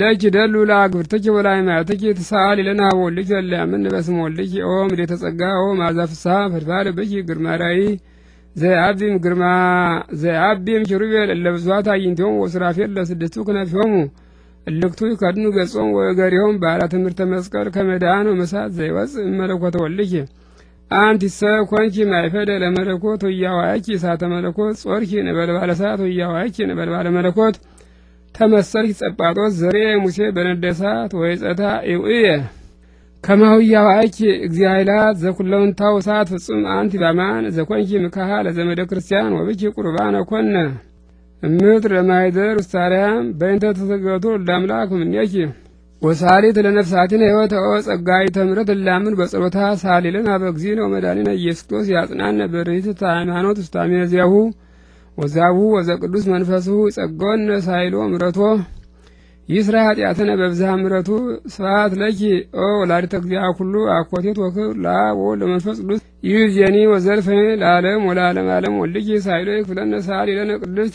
ለኪደሉ ለአግብርትኪ ወላይማትኪ ትሰአሊ ለና ሀቦልኪ ወለያምን በስመ ወልድኪ ኦ ምልዕተ ጸጋ ኦ መዓዛ ፍስሐ ፈድፋደ ብኪ ግርማራይ ራእይ ግርማ ዘየአቢም ኪሩቤል እለ ብፁዓት አዕይንቲሆሙ ወሱራፌል ለስድስቱ ክነፊሆሙ እልክቱ ከድኑ ገጾም ወገሪሆም በዓለ ትምህርተ መስቀል ከመ ደኃነ ወመሳት ዘይወፅእ እመለኮተ ወልድኪ አንቲሰ ኮንኪ ማይፈደ ለመለኮት ወያዋእኪ እሳተ መለኮት ጾርኪ ነበልባለ እሳት ወያዋእኪ ነበልባለ መለኮት ተመሰልኪ ጸጳጦስ ዘርኤ ሙሴ በነደሳት ወይ ጸታ ይውእየ ዋይኪ እግዚአብሔላት ዘኩለውን ታውሳት ፍጹም አንቲ ባማን ዘኮንኪ ምካሃ ለዘመደ ክርስቲያን ወብኪ ቁርባነ ኮነ እምትር ለማይደር ውሳርያም በእንተ ተዘገቱ ለአምላክ ምኔኪ ወሳሊት ለነፍሳቲነ ህይወት ኦ ጸጋይ ተምረት ላምን በጸሎታ ሳሊልን አበግዚ ነው ወመድኃኒነ ኢየሱስ ክርስቶስ ያጽናነ በርህት ሃይማኖት ውስታሜ ዚያሁ ወዛቡ ወዘ ቅዱስ መንፈሱ ጸጎነ ሳይሎ ምረቶ ይስራ ኃጢአትነ በብዝሃ ምረቱ ስብሐት ለኪ ኦ ወላዲተ እግዚአ ሁሉ አኮቴት ወክብር ለአብ ወወልድ ወመንፈስ ቅዱስ ይእዜኒ ወዘልፈኒ ለዓለም ወለዓለም ዓለም ወልድኪ ሳይሎ ይክፍለነ ሰዓል ለነ ቅድስት